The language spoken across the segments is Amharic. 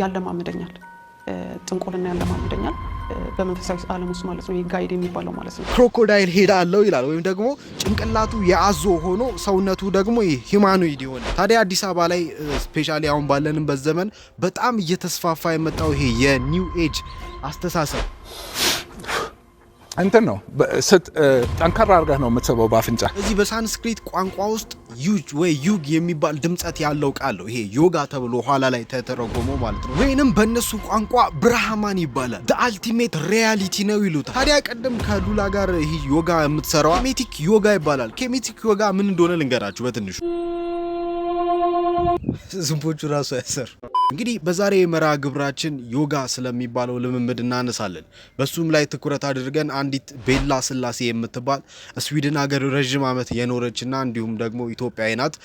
ያለማምደኛል ጥንቁልና ያለማምደኛል በመንፈሳዊ ዓለም ውስጥ ማለት ነው። ጋይድ የሚባለው ማለት ነው። ክሮኮዳይል ሄድ አለው ይላል። ወይም ደግሞ ጭንቅላቱ የአዞ ሆኖ ሰውነቱ ደግሞ ሂማኖይድ የሆነ ታዲያ አዲስ አበባ ላይ ስፔሻሊ አሁን ባለንበት ዘመን በጣም እየተስፋፋ የመጣው ይሄ የኒው ኤጅ አስተሳሰብ እንትን ነው ጠንከራ አድርገህ ነው የምትስበው በአፍንጫ። እዚህ በሳንስክሪት ቋንቋ ውስጥ ዩጅ ወይ ዩግ የሚባል ድምጸት ያለው ቃል ነው ይሄ ዮጋ ተብሎ ኋላ ላይ ተተረጎሞ ማለት ነው። ወይንም በእነሱ ቋንቋ ብርሃማን ይባላል። አልቲሜት ሪያሊቲ ነው ይሉታል። ታዲያ ቀደም ከሉላ ጋር ይሄ ዮጋ የምትሰራው ኬሜቲክ ዮጋ ይባላል። ኬሜቲክ ዮጋ ምን እንደሆነ ልንገራችሁ በትንሹ ዝንቦቹ ራሱ ያሰር እንግዲህ በዛሬ መርሃ ግብራችን ዮጋ ስለሚባለው ልምምድ እናነሳለን። በሱም ላይ ትኩረት አድርገን አንዲት ቤላ ስላሴ የምትባል ስዊድን ሀገር ረዥም ዓመት የኖረችና እንዲሁም ደግሞ ኢትዮጵያዊ ናት።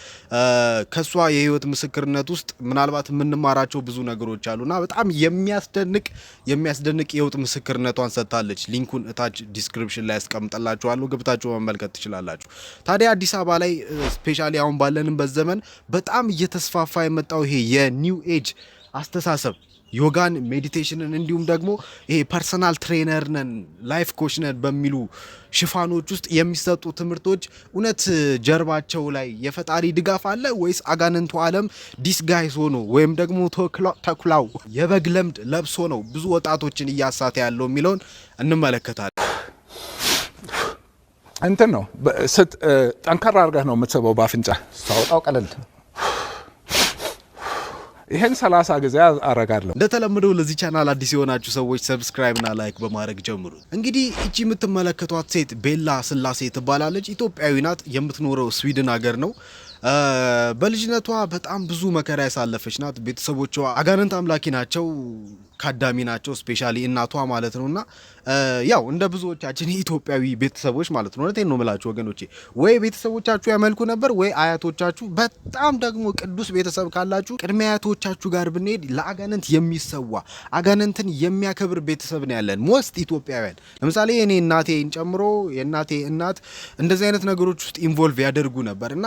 ከሷ የህይወት ምስክርነት ውስጥ ምናልባት የምንማራቸው ብዙ ነገሮች አሉና በጣም የሚያስደንቅ የሚያስደንቅ የህይወት ምስክርነቷን ሰጥታለች። ሊንኩን እታች ዲስክሪፕሽን ላይ ያስቀምጥላችኋለሁ፣ ገብታችሁ መመልከት ትችላላችሁ። ታዲያ አዲስ አበባ ላይ ስፔሻሊ አሁን ባለንበት ዘመን በጣም እየተስፋፋ የመጣው ይሄ የኒው ኤጅ አስተሳሰብ ዮጋን ሜዲቴሽንን እንዲሁም ደግሞ ይሄ ፐርሰናል ትሬነር ነን ላይፍ ኮች ነን በሚሉ ሽፋኖች ውስጥ የሚሰጡ ትምህርቶች እውነት ጀርባቸው ላይ የፈጣሪ ድጋፍ አለ ወይስ አጋንንቱ ዓለም ዲስጋይዝ ሆኖ ወይም ደግሞ ተኩላው የበግ ለምድ ለብሶ ነው ብዙ ወጣቶችን እያሳተ ያለው የሚለውን እንመለከታለን። እንትን ነው ጠንካራ አድርገህ ነው የምትስበው፣ በአፍንጫ ስታወጣው ቀለል ይሄን ሰላሳ ጊዜ አረጋለሁ። እንደተለምደው ለዚህ ቻናል አዲስ የሆናችሁ ሰዎች ሰብስክራይብና ላይክ በማድረግ ጀምሩ። እንግዲህ እቺ የምትመለከቷት ሴት ቤላ ስላሴ ትባላለች። ኢትዮጵያዊ ናት። የምትኖረው ስዊድን ሀገር ነው። በልጅነቷ በጣም ብዙ መከራ ያሳለፈች ናት። ቤተሰቦቿ አጋንንት አምላኪ ናቸው፣ ካዳሚ ናቸው። ስፔሻሊ እናቷ ማለት ነው እና ያው እንደ ብዙዎቻችን የኢትዮጵያዊ ቤተሰቦች ማለት ነው። እውነቴን ነው የምላችሁ ወገኖቼ፣ ወይ ቤተሰቦቻችሁ ያመልኩ ነበር ወይ አያቶቻችሁ። በጣም ደግሞ ቅዱስ ቤተሰብ ካላችሁ ቅድመ አያቶቻችሁ ጋር ብንሄድ ለአጋንንት የሚሰዋ አጋንንትን የሚያከብር ቤተሰብ ነው ያለን ሞስት ኢትዮጵያውያን። ለምሳሌ እኔ እናቴን ጨምሮ የእናቴ እናት እንደዚህ አይነት ነገሮች ውስጥ ኢንቮልቭ ያደርጉ ነበር እና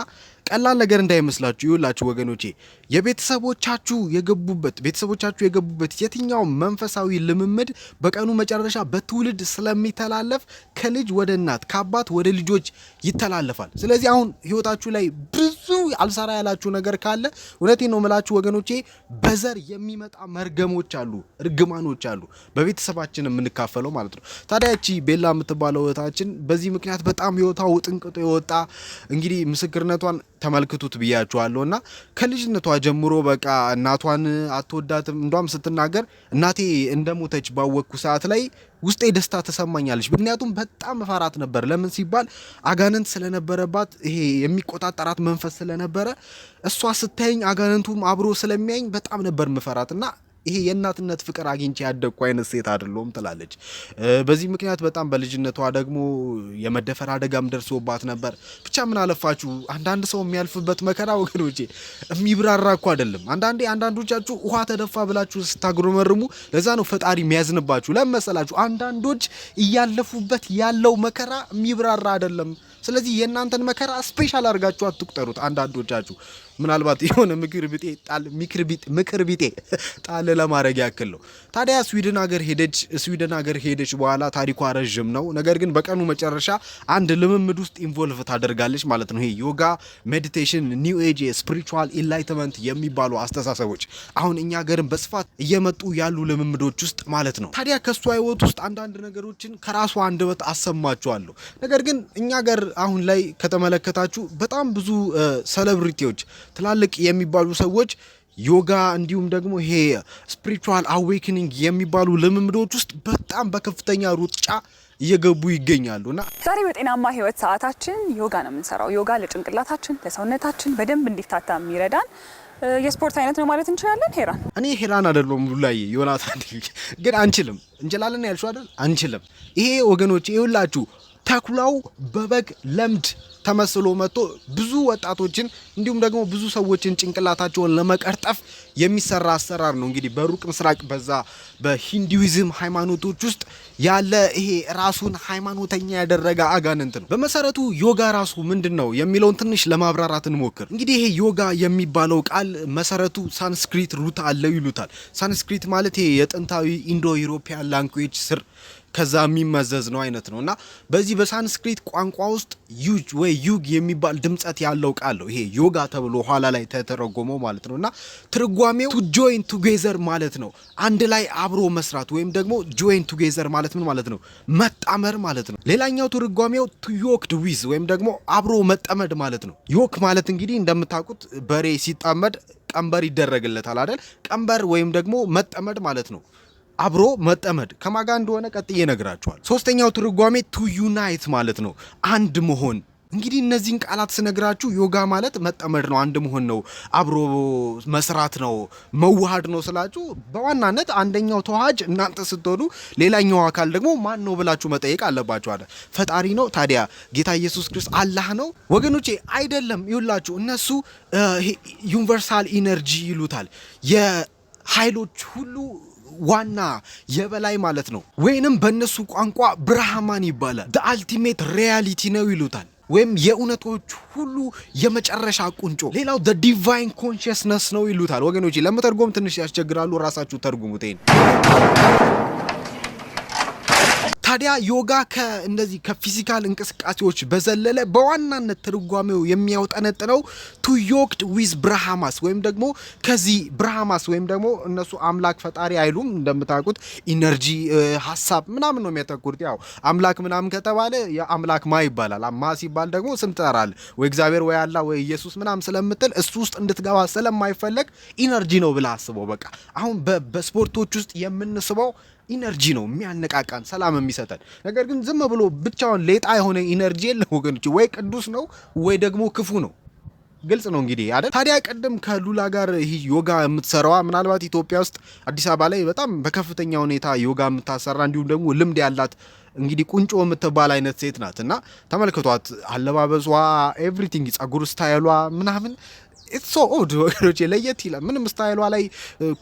ቀላል ነገር እንዳይመስላችሁ ይሁላችሁ ወገኖቼ፣ የቤተሰቦቻችሁ የገቡበት ቤተሰቦቻችሁ የገቡበት የትኛው መንፈሳዊ ልምምድ በቀኑ መጨረሻ በትውልድ ስለሚተላለፍ ከልጅ ወደ እናት ከአባት ወደ ልጆች ይተላለፋል። ስለዚህ አሁን ህይወታችሁ ላይ ብዙ አልሰራ ያላችሁ ነገር ካለ እውነቴ ነው ምላችሁ ወገኖቼ፣ በዘር የሚመጣ መርገሞች አሉ፣ እርግማኖች አሉ፣ በቤተሰባችን የምንካፈለው ማለት ነው። ታዲያ ቺ ቤላ የምትባለው እህታችን በዚህ ምክንያት በጣም ህይወቷ ውጥንቅጦ የወጣ እንግዲህ ምስክርነቷን ተመልክቱት ብያችኋለሁ። እና ከልጅነቷ ጀምሮ በቃ እናቷን አትወዳትም። እንዷም ስትናገር እናቴ እንደሞተች ባወቅኩ ሰዓት ላይ ውስጤ ደስታ ተሰማኛለች። ምክንያቱም በጣም መፈራት ነበር። ለምን ሲባል አጋንንት ስለነበረባት ይሄ የሚቆጣጠራት መንፈስ ስለነበረ እሷ ስታየኝ አጋንንቱም አብሮ ስለሚያኝ በጣም ነበር መፈራት እና ይሄ የእናትነት ፍቅር አግኝቼ ያደግኩ አይነት ሴት አይደለሁም ትላለች። በዚህ ምክንያት በጣም በልጅነቷ ደግሞ የመደፈር አደጋም ደርሶባት ነበር። ብቻ ምን አለፋችሁ አንዳንድ ሰው የሚያልፍበት መከራ ወገኖቼ የሚብራራ እኮ አይደለም። አንዳንዴ አንዳንዶቻችሁ ውሃ ተደፋ ብላችሁ ስታጉረመርሙ ለዛ ነው ፈጣሪ የሚያዝንባችሁ። ለመሰላችሁ አንዳንዶች እያለፉበት ያለው መከራ የሚብራራ አይደለም። ስለዚህ የእናንተን መከራ ስፔሻል አድርጋችሁ አትቁጠሩት። አንዳንዶቻችሁ ምናልባት የሆነ ምክር ቢጤ ጣል ምክር ቢጤ ጣል ለማድረግ ያክል ነው። ታዲያ ስዊድን ሀገር ሄደች። ስዊድን ሀገር ሄደች በኋላ ታሪኳ ረዥም ነው። ነገር ግን በቀኑ መጨረሻ አንድ ልምምድ ውስጥ ኢንቮልቭ ታደርጋለች ማለት ነው። ይሄ ዮጋ፣ ሜዲቴሽን፣ ኒው ኤጅ፣ ስፒሪቹዋል ኢንላይትመንት የሚባሉ አስተሳሰቦች አሁን እኛ ሀገርን በስፋት እየመጡ ያሉ ልምምዶች ውስጥ ማለት ነው። ታዲያ ከእሷ ህይወት ውስጥ አንዳንድ ነገሮችን ከራሷ አንደበት አሰማችኋለሁ። ነገር ግን እኛ ሀገር አሁን ላይ ከተመለከታችሁ በጣም ብዙ ሰለብሪቲዎች ትላልቅ የሚባሉ ሰዎች ዮጋ እንዲሁም ደግሞ ይሄ ስፒሪቹዋል አዌክኒንግ የሚባሉ ልምምዶች ውስጥ በጣም በከፍተኛ ሩጫ እየገቡ ይገኛሉ። ና ዛሬ በጤናማ ህይወት ሰዓታችን ዮጋ ነው የምንሰራው። ዮጋ ለጭንቅላታችን ለሰውነታችን በደንብ እንዲፍታታ የሚረዳን የስፖርት አይነት ነው ማለት እንችላለን። ሄራን እኔ ሄራን አይደለም ላይ ዮናታን ግን አንችልም እንችላለን ያልሽው አይደል? አንችልም። ይሄ ወገኖች ይሁላችሁ ተኩላው በበግ ለምድ ተመስሎ መጥቶ ብዙ ወጣቶችን እንዲሁም ደግሞ ብዙ ሰዎችን ጭንቅላታቸውን ለመቀርጠፍ የሚሰራ አሰራር ነው። እንግዲህ በሩቅ ምስራቅ በዛ በሂንዱይዝም ሃይማኖቶች ውስጥ ያለ ይሄ ራሱን ሃይማኖተኛ ያደረገ አጋንንት ነው። በመሰረቱ ዮጋ ራሱ ምንድን ነው የሚለውን ትንሽ ለማብራራት እንሞክር። እንግዲህ ይሄ ዮጋ የሚባለው ቃል መሰረቱ ሳንስክሪት ሩት አለው ይሉታል። ሳንስክሪት ማለት ይሄ የጥንታዊ ኢንዶ ኢሮፒያን ላንጉዌጅ ስር ከዛ የሚመዘዝ ነው አይነት ነው እና በዚህ በሳንስክሪት ቋንቋ ውስጥ ዩጅ ወይ ዩግ የሚባል ድምጸት ያለው ቃል ነው ይሄ ዮጋ ተብሎ ኋላ ላይ ተተረጎመው ማለት ነው እና ትርጓሜው ቱ ጆይን ቱጌዘር ማለት ነው። አንድ ላይ አብሮ መስራት ወይም ደግሞ ጆይን ቱጌዘር ማለት ምን ማለት ነው? መጣመር ማለት ነው። ሌላኛው ትርጓሜው ቱ ዮክድ ዊዝ ወይም ደግሞ አብሮ መጠመድ ማለት ነው። ዮክ ማለት እንግዲህ እንደምታውቁት በሬ ሲጣመድ ቀንበር ይደረግለታል አይደል? ቀንበር ወይም ደግሞ መጠመድ ማለት ነው። አብሮ መጠመድ ከማጋ እንደሆነ ቀጥዬ ነግራችኋል። ሶስተኛው ትርጓሜ ቱ ዩናይት ማለት ነው፣ አንድ መሆን። እንግዲህ እነዚህን ቃላት ስነግራችሁ ዮጋ ማለት መጠመድ ነው፣ አንድ መሆን ነው፣ አብሮ መስራት ነው፣ መዋሃድ ነው ስላችሁ በዋናነት አንደኛው ተዋሃጅ እናንተ ስትሆኑ፣ ሌላኛው አካል ደግሞ ማን ነው ብላችሁ መጠየቅ አለባችኋል። ፈጣሪ ነው ታዲያ ጌታ ኢየሱስ ክርስቶስ አላህ ነው ወገኖቼ? አይደለም። ይውላችሁ እነሱ ዩኒቨርሳል ኢነርጂ ይሉታል የኃይሎች ሁሉ ዋና የበላይ ማለት ነው። ወይንም በእነሱ ቋንቋ ብርሃማን ይባላል። ደ አልቲሜት ሪያሊቲ ነው ይሉታል ወይም የእውነቶች ሁሉ የመጨረሻ ቁንጮ። ሌላው ዲቫይን ኮንሽስነስ ነው ይሉታል። ወገኖች ለመተርጎም ትንሽ ያስቸግራሉ። ራሳችሁ ተርጉሙት። ታዲያ ዮጋ ከእንደዚህ ከፊዚካል እንቅስቃሴዎች በዘለለ በዋናነት ትርጓሜው የሚያውጠነጥነው ቱ ዮክድ ዊዝ ብርሃማስ ወይም ደግሞ ከዚህ ብርሃማስ ወይም ደግሞ እነሱ አምላክ ፈጣሪ አይሉም እንደምታውቁት ኢነርጂ ሀሳብ ምናምን ነው የሚያተኩሩት። ያው አምላክ ምናምን ከተባለ አምላክ ማ ይባላል። ማ ሲባል ደግሞ ስም ትጠራል ወይ እግዚአብሔር ወይ አላ ወይ ኢየሱስ ምናምን ስለምትል እሱ ውስጥ እንድትገባ ስለማይፈለግ ኢነርጂ ነው ብላ አስበው። በቃ አሁን በስፖርቶች ውስጥ የምንስበው ኢነርጂ ነው የሚያነቃቃን ሰላም የሚሰጠን። ነገር ግን ዝም ብሎ ብቻውን ሌጣ የሆነ ኢነርጂ የለም ወገኖች። ወይ ቅዱስ ነው ወይ ደግሞ ክፉ ነው። ግልጽ ነው እንግዲህ አይደል? ታዲያ ቀደም ከሉላ ጋር ይህ ዮጋ የምትሰራዋ ምናልባት ኢትዮጵያ ውስጥ አዲስ አበባ ላይ በጣም በከፍተኛ ሁኔታ ዮጋ የምታሰራ እንዲሁም ደግሞ ልምድ ያላት እንግዲህ ቁንጮ የምትባል አይነት ሴት ናት እና ተመልክቷት፣ አለባበሷ፣ ኤቭሪቲንግ፣ ጸጉር ስታይሏ ምናምን ኢትስ ኦድ ወገኖች፣ ለየት ይላል። ምንም ስታይሏ ላይ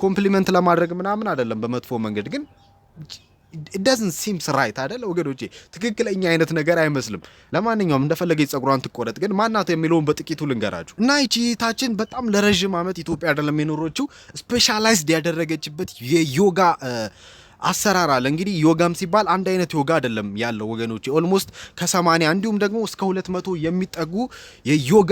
ኮምፕሊመንት uh, ለማድረግ ምናምን አይደለም በመጥፎ መንገድ ግን ደዝን ሲምስ ራይት አደለ ወገዶቼ፣ ትክክለኛ አይነት ነገር አይመስልም። ለማንኛውም እንደፈለገች ጸጉሯን ትቆረጥ፣ ግን ማናት የሚለውን በጥቂቱ ልንገራችሁ እና ይቺ እህታችን በጣም ለረዥም ዓመት ኢትዮጵያ አደለም የኖረችው ስፔሻላይዝድ ያደረገችበት የዮጋ አሰራር አለ። እንግዲህ ዮጋም ሲባል አንድ አይነት ዮጋ አይደለም ያለው ወገኖች፣ ኦልሞስት ከ80 እንዲሁም ደግሞ እስከ 200 የሚጠጉ የዮጋ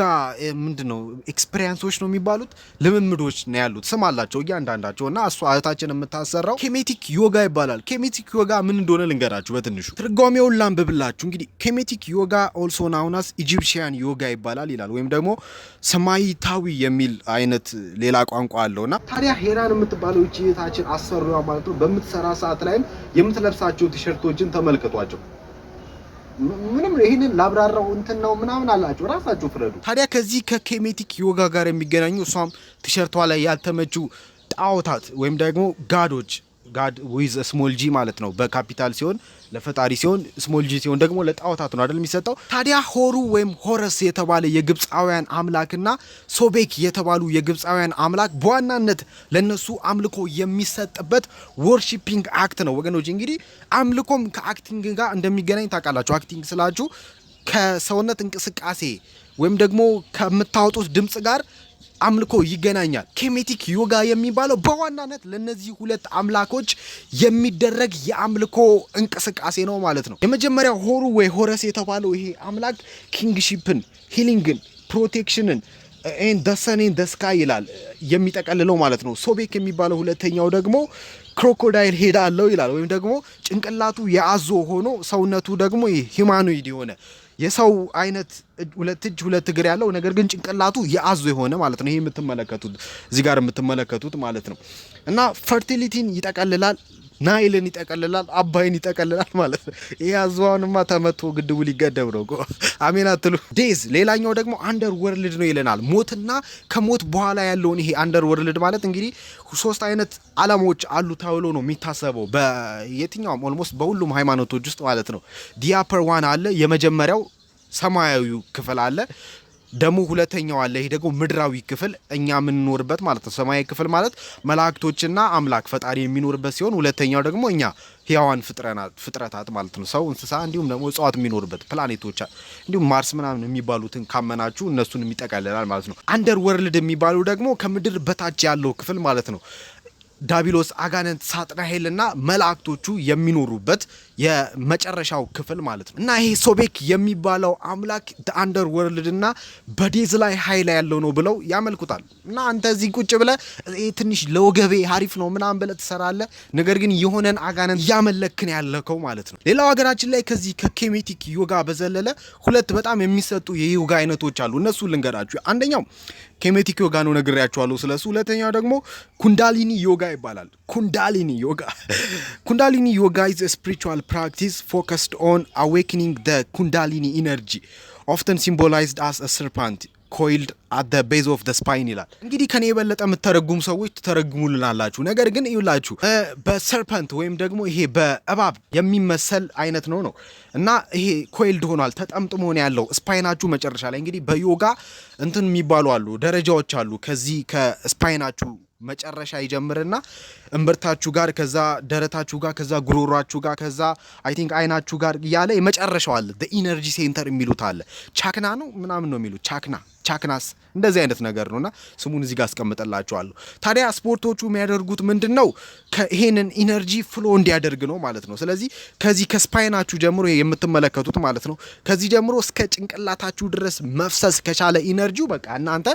ምንድነው ነው ኤክስፔሪንሶች ነው የሚባሉት ልምምዶች ነው ያሉት፣ ስም አላቸው እያንዳንዳቸው እና እሷ እህታችን የምታሰራው ኬሜቲክ ዮጋ ይባላል። ኬሜቲክ ዮጋ ምን እንደሆነ ልንገራችሁ በትንሹ ትርጓሜውን ላንብብላችሁ። እንግዲህ ኬሜቲክ ዮጋ ኦልሶ ናውናስ ኢጂፕሽያን ዮጋ ይባላል ይላል። ወይም ደግሞ ሰማይታዊ የሚል አይነት ሌላ ቋንቋ አለውና ታዲያ ሄራን የምትባለው እህታችን አሰሪዋ ማለት ነው በምትሰራ ሰዓት ላይም የምትለብሳቸው ቲሸርቶችን ተመልክቷቸው ምንም ይህንን ላብራራው እንትን ነው ምናምን አላችሁ፣ ራሳችሁ ፍረዱ። ታዲያ ከዚህ ከኬሜቲክ ዮጋ ጋር የሚገናኙ እሷም ቲሸርቷ ላይ ያልተመቹ ጣዖታት ወይም ደግሞ ጋዶች ጋድ ዊዝ ስሞል ጂ ማለት ነው በካፒታል ሲሆን ለፈጣሪ ሲሆን ስሞል ጂ ሲሆን ደግሞ ለጣዖታት ነው አይደል የሚሰጠው። ታዲያ ሆሩ ወይም ሆረስ የተባለ የግብፃውያን አምላክና ሶቤክ የተባሉ የግብፃውያን አምላክ በዋናነት ለነሱ አምልኮ የሚሰጥበት ወርሺፒንግ አክት ነው ወገኖች። እንግዲህ አምልኮም ከአክቲንግ ጋር እንደሚገናኝ ታውቃላችሁ። አክቲንግ ስላችሁ ከሰውነት እንቅስቃሴ ወይም ደግሞ ከምታወጡት ድምጽ ጋር አምልኮ ይገናኛል። ኬሜቲክ ዮጋ የሚባለው በዋናነት ለነዚህ ሁለት አምላኮች የሚደረግ የአምልኮ እንቅስቃሴ ነው ማለት ነው። የመጀመሪያው ሆሩ ወይ ሆረስ የተባለው ይሄ አምላክ ኪንግሺፕን፣ ሂሊንግን፣ ፕሮቴክሽንን ደሰኔን ደስካ ይላል የሚጠቀልለው ማለት ነው። ሶቤክ የሚባለው ሁለተኛው ደግሞ ክሮኮዳይል ሄድ አለው ይላል ወይም ደግሞ ጭንቅላቱ የአዞ ሆኖ ሰውነቱ ደግሞ ሂማኖይድ የሆነ የሰው አይነት ሁለት እጅ ሁለት እግር ያለው ነገር ግን ጭንቅላቱ የአዞ የሆነ ማለት ነው። ይሄ የምትመለከቱት እዚህ ጋር የምትመለከቱት ማለት ነው እና ፈርቲሊቲን ይጠቀልላል። ናይልን ይጠቀልላል፣ አባይን ይጠቀልላል ማለት ነው። ይህ አዝዋውንማ ተመቶ ግድቡ ሊገደብ ነው። አሜን አትሉ ዴዝ። ሌላኛው ደግሞ አንደር ወርልድ ነው ይለናል። ሞትና ከሞት በኋላ ያለውን ይሄ አንደር ወርልድ ማለት እንግዲህ ሶስት አይነት አላማዎች አሉ ተብሎ ነው የሚታሰበው በየትኛውም ኦልሞስት በሁሉም ሃይማኖቶች ውስጥ ማለት ነው። ዲያፐር ዋን አለ የመጀመሪያው ሰማያዊ ክፍል አለ። ደግሞ ሁለተኛው አለ። ይሄ ደግሞ ምድራዊ ክፍል እኛ የምንኖርበት ማለት ነው። ሰማያዊ ክፍል ማለት መላእክቶችና አምላክ ፈጣሪ የሚኖርበት ሲሆን ሁለተኛው ደግሞ እኛ ህያዋን ፍጥረታት ማለት ነው። ሰው፣ እንስሳ እንዲሁም ደግሞ እጽዋት የሚኖርበት ፕላኔቶች፣ እንዲሁም ማርስ ምናምን የሚባሉትን ካመናችሁ እነሱን የሚጠቃልላል ማለት ነው። አንደር ወርልድ የሚባሉ ደግሞ ከምድር በታች ያለው ክፍል ማለት ነው። ዳቢሎስ፣ አጋንንት፣ ሳጥናኤልና መላእክቶቹ የሚኖሩበት የመጨረሻው ክፍል ማለት ነው እና ይሄ ሶቤክ የሚባለው አምላክ አንደር ወርልድ እና በዴዝ ላይ ኃይል ያለው ነው ብለው ያመልኩታል። እና አንተ እዚህ ቁጭ ብለ ትንሽ ለወገቤ አሪፍ ነው ምናምን ብለ ትሰራለ። ነገር ግን የሆነን አጋነን እያመለክን ያለከው ማለት ነው። ሌላው ሀገራችን ላይ ከዚህ ከኬሜቲክ ዮጋ በዘለለ ሁለት በጣም የሚሰጡ የዮጋ አይነቶች አሉ። እነሱ ልንገራችሁ። አንደኛው ኬሜቲክ ዮጋ ነው ነግሬያችኋለሁ ስለሱ። ሁለተኛው ደግሞ ኩንዳሊኒ ዮጋ ይባላል። ኩንዳሊኒ ዮጋ ኩንዳሊኒ ዮጋ ኢዝ ስፒሪቹዋል practice focused on awakening the Kundalini energy, often symbolized as a serpent ኮይልድ አደ ቤዝ ኦፍ ደ ስፓይን ይላል። እንግዲህ ከኔ የበለጠ የምትተረጉሙ ሰዎች ትተረጉሙልናላችሁ። ነገር ግን ይውላችሁ በሰርፐንት ወይም ደግሞ ይሄ በእባብ የሚመሰል አይነት ነው ነው እና ይሄ ኮይልድ ሆኗል ተጠምጥሞ ነው ያለው ስፓይናችሁ መጨረሻ ላይ። እንግዲህ በዮጋ እንትን የሚባሉ አሉ ደረጃዎች አሉ ከዚህ ከስፓይናችሁ መጨረሻ ይጀምርና እምብርታችሁ ጋር ከዛ ደረታችሁ ጋር ከዛ ጉሮሯችሁ ጋር ከዛ አይ ቲንክ አይናችሁ ጋር እያለ የመጨረሻው አለ ኢነርጂ ሴንተር የሚሉት አለ። ቻክና ነው ምናምን ነው የሚሉት ቻክና ቻክናስ እንደዚህ አይነት ነገር ነውና ስሙን እዚህ ጋር አስቀምጠላችኋለሁ። ታዲያ ስፖርቶቹ የሚያደርጉት ምንድን ነው? ይሄንን ኢነርጂ ፍሎ እንዲያደርግ ነው ማለት ነው። ስለዚህ ከዚህ ከስፓይናችሁ ጀምሮ የምትመለከቱት ማለት ነው ከዚህ ጀምሮ እስከ ጭንቅላታችሁ ድረስ መፍሰስ ከቻለ ኢነርጂው በቃ እናንተ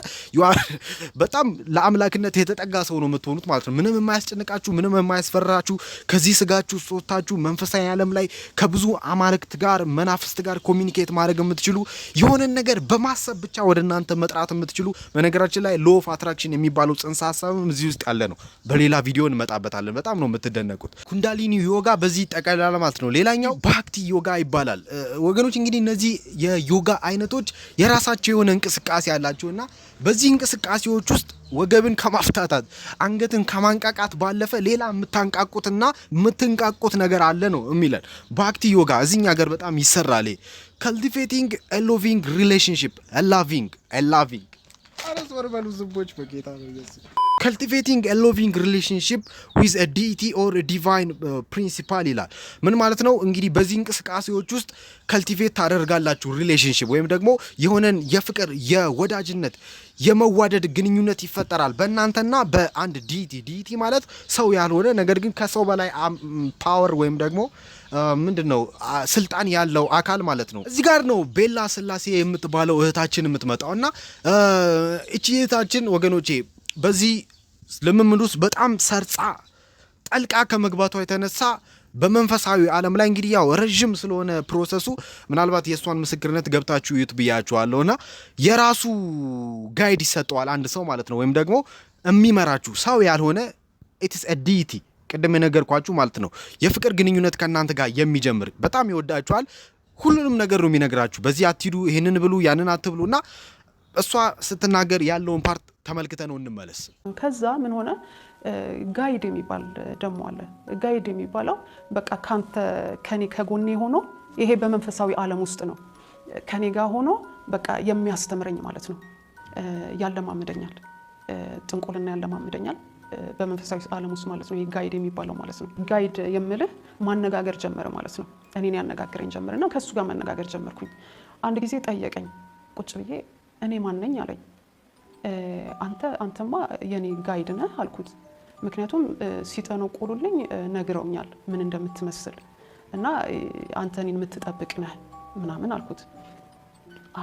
በጣም ለአምላክነት የተጠቀ የተረጋጋ ሰው ነው የምትሆኑት ማለት ነው። ምንም የማያስጨንቃችሁ፣ ምንም የማያስፈራችሁ ከዚህ ስጋችሁ ሶታችሁ መንፈሳዊ ዓለም ላይ ከብዙ አማልክት ጋር መናፍስት ጋር ኮሚኒኬት ማድረግ የምትችሉ የሆነን ነገር በማሰብ ብቻ ወደ እናንተ መጥራት የምትችሉ በነገራችን ላይ ሎ ኦፍ አትራክሽን የሚባለው ጽንሰ ሀሳብም እዚህ ውስጥ ያለ ነው። በሌላ ቪዲዮ እንመጣበታለን። በጣም ነው የምትደነቁት። ኩንዳሊኒ ዮጋ በዚህ ጠቀላላ ማለት ነው። ሌላኛው ባክቲ ዮጋ ይባላል ወገኖች። እንግዲህ እነዚህ የዮጋ አይነቶች የራሳቸው የሆነ እንቅስቃሴ ያላቸው እና በዚህ እንቅስቃሴዎች ውስጥ ወገብን ከማፍታታት አንገትን ከማንቃቃት ባለፈ ሌላ የምታንቃቁትና የምትንቃቁት ነገር አለ ነው የሚለን። ባክቲ ዮጋ እዚኛ ሀገር በጣም ይሰራል። ካልቲቬቲንግ ኤሎቪንግ ሪሌሽንሽፕ ኤላቪንግ ኤላቪንግ አረስ ወርበሉ ዝቦች በጌታ ነው ከልቲቬቲንግ ሎቪንግ ሪሌሽንሽፕ ዊዝ ዲኢቲ ኦር ዲቫይን ፕሪንሲፓል ይላል። ምን ማለት ነው እንግዲህ በዚህ እንቅስቃሴዎች ውስጥ ከልቲቬት ታደርጋላችሁ ሪሌሽንሽፕ ወይም ደግሞ የሆነን የፍቅር የወዳጅነት የመዋደድ ግንኙነት ይፈጠራል በእናንተና በአንድ ዲኢቲ። ዲቲ ማለት ሰው ያልሆነ ነገር ግን ከሰው በላይ ፓወር ወይም ደግሞ ምንድን ነው ስልጣን ያለው አካል ማለት ነው። እዚህ ጋር ነው ቤላ ስላሴ የምትባለው እህታችን የምትመጣው እና እቺ እህታችን ወገኖቼ በዚህ ልምምድ ውስጥ በጣም ሰርጻ ጠልቃ ከመግባቷ የተነሳ በመንፈሳዊ ዓለም ላይ እንግዲህ ያው ረዥም ስለሆነ ፕሮሰሱ ምናልባት የእሷን ምስክርነት ገብታችሁ ዩት ብያችኋለሁ። የራሱ ጋይድ ይሰጠዋል አንድ ሰው ማለት ነው፣ ወይም ደግሞ የሚመራችሁ ሰው ያልሆነ ኢትስ ዲቲ ቅድም የነገርኳችሁ ማለት ነው። የፍቅር ግንኙነት ከእናንተ ጋር የሚጀምር በጣም ይወዳችኋል። ሁሉንም ነገር ነው የሚነግራችሁ። በዚህ አትሂዱ፣ ይህንን ብሉ፣ ያንን አትብሉ እና እሷ ስትናገር ያለውን ፓርት ተመልክተ ነው እንመለስ። ከዛ ምን ሆነ ጋይድ የሚባል ደሞ አለ። ጋይድ የሚባለው በቃ ካንተ ከኔ ከጎኔ ሆኖ ይሄ በመንፈሳዊ ዓለም ውስጥ ነው ከኔ ጋር ሆኖ በቃ የሚያስተምረኝ ማለት ነው። ያለማምደኛል፣ ጥንቁልና ያለማምደኛል በመንፈሳዊ ዓለም ውስጥ ማለት ነው። ይሄ ጋይድ የሚባለው ማለት ነው። ጋይድ የምልህ ማነጋገር ጀመረ ማለት ነው። እኔን ያነጋግረኝ ጀመርና ከእሱ ጋር መነጋገር ጀመርኩኝ። አንድ ጊዜ ጠየቀኝ ቁጭ ብዬ እኔ ማን ነኝ አለኝ። አንተ አንተማ የኔ ጋይድ ነህ አልኩት። ምክንያቱም ሲጠነቆሉልኝ ነግረውኛል ምን እንደምትመስል እና አንተ እኔን የምትጠብቅ ነህ ምናምን አልኩት።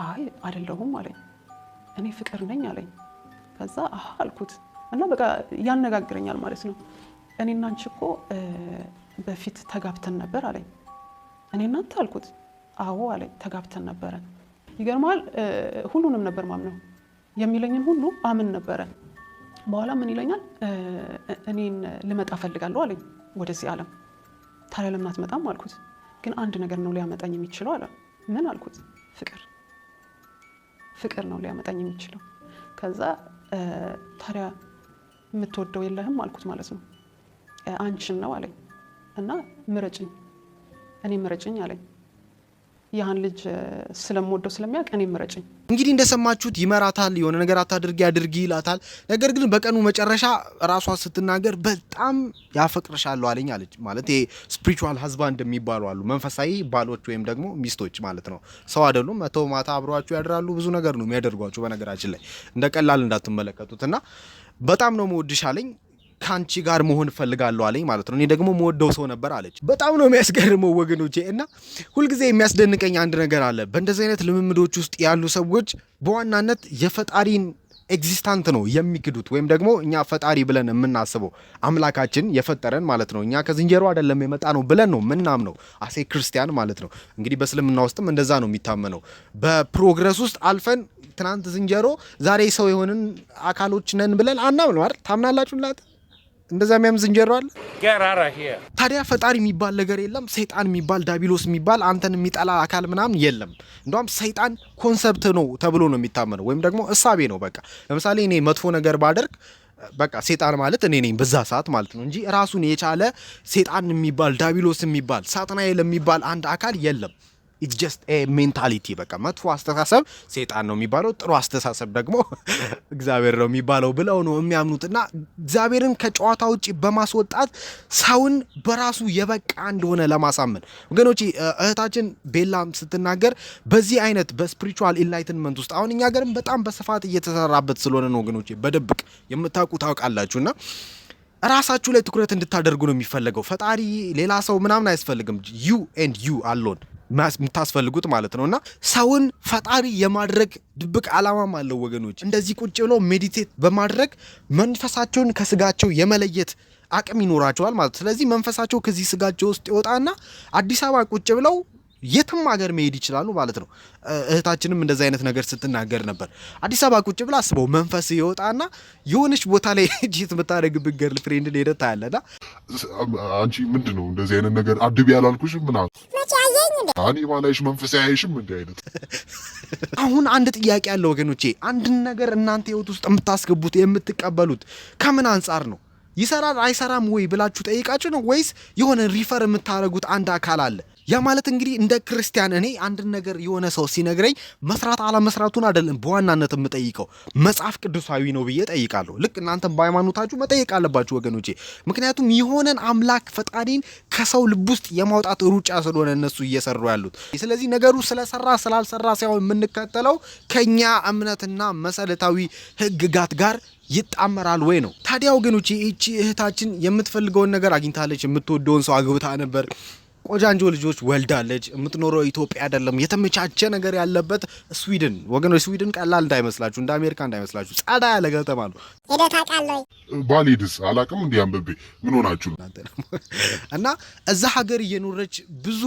አይ አይደለሁም አለኝ። እኔ ፍቅር ነኝ አለኝ። ከዛ አልኩት እና በቃ ያነጋግረኛል ማለት ነው። እኔና አንቺ እኮ በፊት ተጋብተን ነበር አለኝ። እኔ እናንተ አልኩት። አዎ አለኝ ተጋብተን ነበረን። ይገርማል። ሁሉንም ነበር ማምነው የሚለኝን ሁሉ አምን ነበረ። በኋላ ምን ይለኛል፣ እኔን ልመጣ ፈልጋለሁ አለኝ ወደዚህ ዓለም። ታዲያ ለምን አትመጣም አልኩት። ግን አንድ ነገር ነው ሊያመጣኝ የሚችለው አለ። ምን አልኩት? ፍቅር፣ ፍቅር ነው ሊያመጣኝ የሚችለው። ከዛ ታዲያ የምትወደው የለህም አልኩት ማለት ነው። አንቺን ነው አለኝ እና ምረጭኝ፣ እኔ ምረጭኝ አለኝ ያህን ልጅ ስለምወደው ስለሚያውቅ እኔ ምረጭኝ። እንግዲህ እንደሰማችሁት ይመራታል፣ የሆነ ነገር አታድርጊ አድርጊ ይላታል። ነገር ግን በቀኑ መጨረሻ ራሷ ስትናገር በጣም ያፈቅርሻለሁ አለኝ አለች። ማለት ይሄ ስፒሪቹዋል ሀዝባንድ የሚባሉ አሉ፣ መንፈሳዊ ባሎች ወይም ደግሞ ሚስቶች ማለት ነው። ሰው አይደሉም፣ መተው ማታ አብሯችሁ ያድራሉ። ብዙ ነገር ነው የሚያደርጓችሁ። በነገራችን ላይ እንደ ቀላል እንዳትመለከቱት እና በጣም ነው መወድሽ አለኝ። ከአንቺ ጋር መሆን እፈልጋለሁ አለኝ ማለት ነው። እኔ ደግሞ መወደው ሰው ነበር አለች። በጣም ነው የሚያስገርመው ወገኖቼ። እና ሁልጊዜ የሚያስደንቀኝ አንድ ነገር አለ። በእንደዚህ አይነት ልምምዶች ውስጥ ያሉ ሰዎች በዋናነት የፈጣሪን ኤግዚስታንት ነው የሚክዱት ወይም ደግሞ እኛ ፈጣሪ ብለን የምናስበው አምላካችን የፈጠረን ማለት ነው። እኛ ከዝንጀሮ አይደለም የመጣ ነው ብለን ነው ምናምነው አሴ ክርስቲያን ማለት ነው። እንግዲህ በእስልምና ውስጥም እንደዛ ነው የሚታመነው። በፕሮግረስ ውስጥ አልፈን ትናንት ዝንጀሮ ዛሬ ሰው የሆንን አካሎች ነን ብለን አናምነው አይደል? ታምናላችሁ እናንተ? እንደዛ የሚያም ዝንጀሮ አለ። ታዲያ ፈጣሪ የሚባል ነገር የለም። ሰይጣን የሚባል ዳቢሎስ የሚባል አንተን የሚጠላ አካል ምናምን የለም። እንደውም ሰይጣን ኮንሰፕት ነው ተብሎ ነው የሚታመነው፣ ወይም ደግሞ እሳቤ ነው። በቃ ለምሳሌ እኔ መጥፎ ነገር ባደርግ በቃ ሴጣን ማለት እኔ ነኝ በዛ ሰዓት ማለት ነው እንጂ ራሱን የቻለ ሴጣን የሚባል ዳቢሎስ የሚባል ሳጥናኤል የሚባል አንድ አካል የለም። ኢትስ ጀስት ሜንታሊቲ በቃ መጥፎ አስተሳሰብ ሴጣን ነው የሚባለው፣ ጥሩ አስተሳሰብ ደግሞ እግዚአብሔር ነው የሚባለው ብለው ነው የሚያምኑት። እና እግዚአብሔርን ከጨዋታ ውጭ በማስወጣት ሰውን በራሱ የበቃ እንደሆነ ለማሳመን ወገኖች፣ እህታችን ቤላም ስትናገር በዚህ አይነት በስፒሪቹዋል ኢንላይትንመንት ውስጥ አሁን እኛ ገርም በጣም በስፋት እየተሰራበት ስለሆነ ነው ወገኖች፣ በደብቅ የምታውቁ እና ራሳችሁ ላይ ትኩረት እንድታደርጉ ነው የሚፈለገው። ፈጣሪ ሌላ ሰው ምናምን አያስፈልግም። ዩ ኤንድ ዩ አሎን የምታስፈልጉት ማለት ነው እና ሰውን ፈጣሪ የማድረግ ድብቅ ዓላማም አለው ወገኖች። እንደዚህ ቁጭ ብሎ ሜዲቴት በማድረግ መንፈሳቸውን ከስጋቸው የመለየት አቅም ይኖራቸዋል ማለት ስለዚህ መንፈሳቸው ከዚህ ስጋቸው ውስጥ ይወጣና አዲስ አበባ ቁጭ ብለው የትም ሀገር መሄድ ይችላሉ ማለት ነው። እህታችንም እንደዚህ አይነት ነገር ስትናገር ነበር። አዲስ አበባ ቁጭ ብላ አስበው መንፈስ የወጣና የሆነች ቦታ ላይ ጅት የምታደርግብት ገርል ፍሬንድን ሄደህ ታያለና አንቺ ምንድን ነው እንደዚህ አይነት ነገር አድቢ ያላልኩሽ ምናምን እኔ ባላይሽ እንዲህ አይነት አሁን አንድ ጥያቄ አለ ወገኖቼ፣ አንድን ነገር እናንተ ህይወት ውስጥ የምታስገቡት የምትቀበሉት ከምን አንጻር ነው? ይሰራል አይሰራም ወይ ብላችሁ ጠይቃችሁ ነው ወይስ የሆነ ሪፈር የምታደርጉት አንድ አካል አለ? ያ ማለት እንግዲህ እንደ ክርስቲያን እኔ አንድን ነገር የሆነ ሰው ሲነግረኝ መስራት አለመስራቱን አይደለም በዋናነት የምጠይቀው መጽሐፍ ቅዱሳዊ ነው ብዬ ጠይቃለሁ። ልክ እናንተም በሃይማኖታችሁ መጠየቅ አለባችሁ ወገኖቼ። ምክንያቱም የሆነን አምላክ ፈጣሪን ከሰው ልብ ውስጥ የማውጣት ሩጫ ስለሆነ እነሱ እየሰሩ ያሉት። ስለዚህ ነገሩ ስለሰራ ስላልሰራ ሳይሆን የምንከተለው ከኛ እምነትና መሰረታዊ ህግጋት ጋር ይጣመራል ወይ ነው። ታዲያ ወገኖቼ ይቺ እህታችን የምትፈልገውን ነገር አግኝታለች። የምትወደውን ሰው አግብታ ነበር ቆጃንጆ ልጆች ወልዳለች። የምትኖረው ኢትዮጵያ አይደለም። የተመቻቸ ነገር ያለበት ስዊድን ወገኖች፣ ስዊድን ቀላል እንዳይመስላችሁ፣ እንደ አሜሪካ እንዳይመስላችሁ። ጸዳ ያለ ከተማ ነው። ባሊድስ አላቅም እንዲ አንብቤ ምን ሆናችሁ እና እዛ ሀገር እየኖረች ብዙ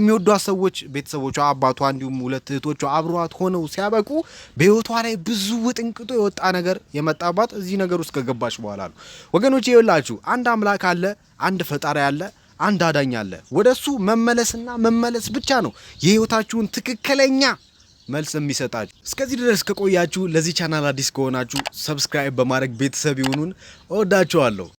የሚወዷት ሰዎች ቤተሰቦቿ፣ አባቷ እንዲሁም ሁለት እህቶቿ አብሯት ሆነው ሲያበቁ በህይወቷ ላይ ብዙ ውጥንቅጦ የወጣ ነገር የመጣባት እዚህ ነገር ውስጥ ከገባች በኋላ ነው። ወገኖች ይኸውላችሁ አንድ አምላክ አለ፣ አንድ ፈጣሪ አለ አንድ አዳኝ አለ። ወደ እሱ መመለስና መመለስ ብቻ ነው የህይወታችሁን ትክክለኛ መልስ የሚሰጣችሁ። እስከዚህ ድረስ ከቆያችሁ፣ ለዚህ ቻናል አዲስ ከሆናችሁ ሰብስክራይብ በማድረግ ቤተሰብ ይሁኑን። እወዳችኋለሁ።